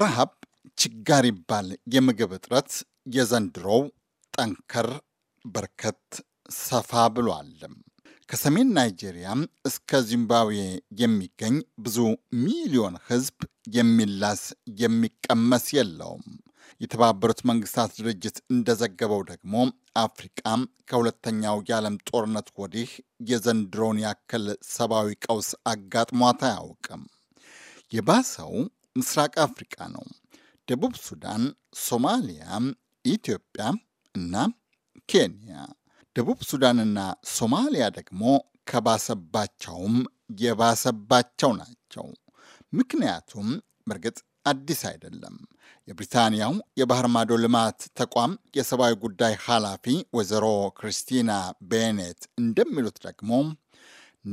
ረሃብ፣ ችጋር ይባል የምግብ እጥረት የዘንድሮው ጠንከር በርከት ሰፋ ብሏል። ከሰሜን ናይጄሪያ እስከ ዚምባብዌ የሚገኝ ብዙ ሚሊዮን ሕዝብ የሚላስ የሚቀመስ የለውም። የተባበሩት መንግስታት ድርጅት እንደዘገበው ደግሞ አፍሪቃ ከሁለተኛው የዓለም ጦርነት ወዲህ የዘንድሮን ያክል ሰብአዊ ቀውስ አጋጥሟት አያውቅም። የባሰው ምስራቅ አፍሪቃ ነው። ደቡብ ሱዳን፣ ሶማሊያ፣ ኢትዮጵያ እና ኬንያ። ደቡብ ሱዳንና ሶማሊያ ደግሞ ከባሰባቸውም የባሰባቸው ናቸው። ምክንያቱም በእርግጥ አዲስ አይደለም። የብሪታንያው የባህር ማዶ ልማት ተቋም የሰብአዊ ጉዳይ ኃላፊ ወይዘሮ ክርስቲና ቤኔት እንደሚሉት ደግሞ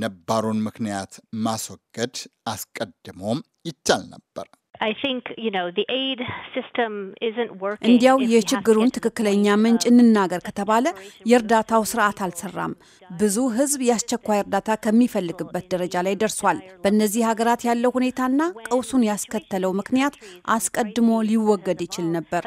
ነባሩን ምክንያት ማስወገድ አስቀድሞም ይቻል ነበር። እንዲያው የችግሩን ትክክለኛ ምንጭ uh, እንናገር ከተባለ የእርዳታው ስርዓት አልሰራም። ብዙ ሕዝብ የአስቸኳይ እርዳታ ከሚፈልግበት ደረጃ ላይ ደርሷል። በእነዚህ ሀገራት ያለው ሁኔታና ቀውሱን ያስከተለው ምክንያት አስቀድሞ ሊወገድ ይችል ነበር።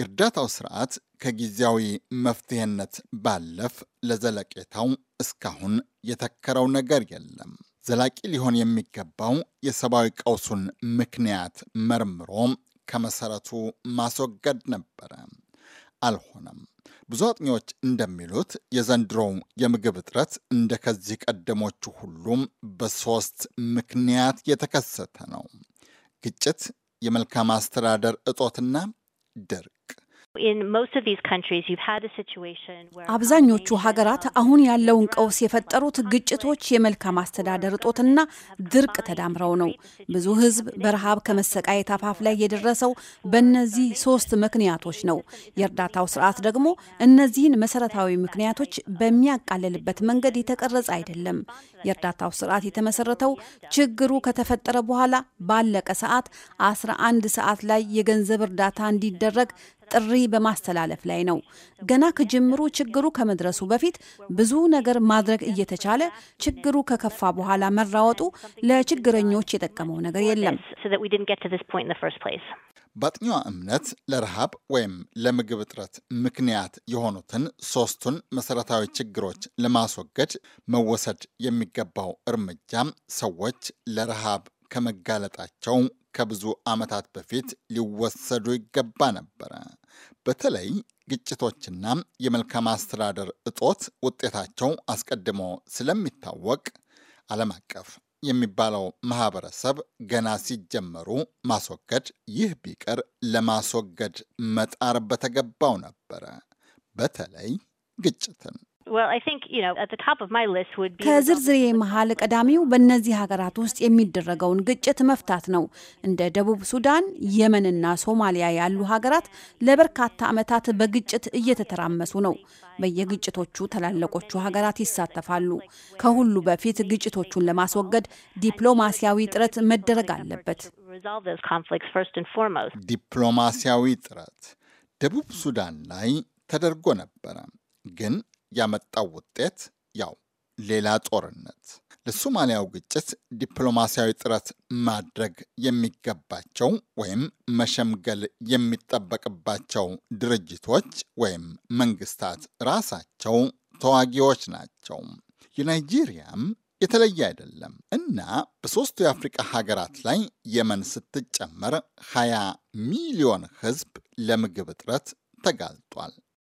የእርዳታው ስርዓት ከጊዜያዊ መፍትሄነት ባለፍ ለዘለቄታው እስካሁን የተከረው ነገር የለም። ዘላቂ ሊሆን የሚገባው የሰብአዊ ቀውሱን ምክንያት መርምሮ ከመሰረቱ ማስወገድ ነበረ። አልሆነም። ብዙ አጥኚዎች እንደሚሉት የዘንድሮው የምግብ እጥረት እንደ ከዚህ ቀደሞቹ ሁሉም በሶስት ምክንያት የተከሰተ ነው። ግጭት፣ የመልካም አስተዳደር እጦትና ድርቅ። አብዛኞቹ ሀገራት አሁን ያለውን ቀውስ የፈጠሩት ግጭቶች፣ የመልካም አስተዳደር እጦትና ድርቅ ተዳምረው ነው። ብዙ ሕዝብ በረሃብ ከመሰቃየት አፋፍ ላይ የደረሰው በእነዚህ ሶስት ምክንያቶች ነው። የእርዳታው ስርዓት ደግሞ እነዚህን መሰረታዊ ምክንያቶች በሚያቃልልበት መንገድ የተቀረጸ አይደለም። የእርዳታው ስርዓት የተመሰረተው ችግሩ ከተፈጠረ በኋላ ባለቀ ሰዓት 11 ሰዓት ላይ የገንዘብ እርዳታ እንዲደረግ ጥሪ በማስተላለፍ ላይ ነው። ገና ከጅምሩ ችግሩ ከመድረሱ በፊት ብዙ ነገር ማድረግ እየተቻለ ችግሩ ከከፋ በኋላ መራወጡ ለችግረኞች የጠቀመው ነገር የለም። ባጥኛዋ እምነት ለረሃብ ወይም ለምግብ እጥረት ምክንያት የሆኑትን ሶስቱን መሰረታዊ ችግሮች ለማስወገድ መወሰድ የሚገባው እርምጃም ሰዎች ለረሃብ ከመጋለጣቸው ከብዙ ዓመታት በፊት ሊወሰዱ ይገባ ነበረ። በተለይ ግጭቶችና የመልካም አስተዳደር እጦት ውጤታቸው አስቀድሞ ስለሚታወቅ ዓለም አቀፍ የሚባለው ማህበረሰብ ገና ሲጀመሩ ማስወገድ፣ ይህ ቢቀር ለማስወገድ መጣር በተገባው ነበረ። በተለይ ግጭትን ከዝርዝሬ መሀል ቀዳሚው በእነዚህ ሀገራት ውስጥ የሚደረገውን ግጭት መፍታት ነው። እንደ ደቡብ ሱዳን፣ የመንና ሶማሊያ ያሉ ሀገራት ለበርካታ ዓመታት በግጭት እየተተራመሱ ነው። በየግጭቶቹ ታላላቆቹ ሀገራት ይሳተፋሉ። ከሁሉ በፊት ግጭቶቹን ለማስወገድ ዲፕሎማሲያዊ ጥረት መደረግ አለበት። ዲፕሎማሲያዊ ጥረት ደቡብ ሱዳን ላይ ተደርጎ ነበረ ግን ያመጣው ውጤት ያው ሌላ ጦርነት። ለሶማሊያው ግጭት ዲፕሎማሲያዊ ጥረት ማድረግ የሚገባቸው ወይም መሸምገል የሚጠበቅባቸው ድርጅቶች ወይም መንግስታት ራሳቸው ተዋጊዎች ናቸው። የናይጄሪያም የተለየ አይደለም እና በሦስቱ የአፍሪቃ ሀገራት ላይ የመን ስትጨመር 20 ሚሊዮን ህዝብ ለምግብ እጥረት ተጋልጧል።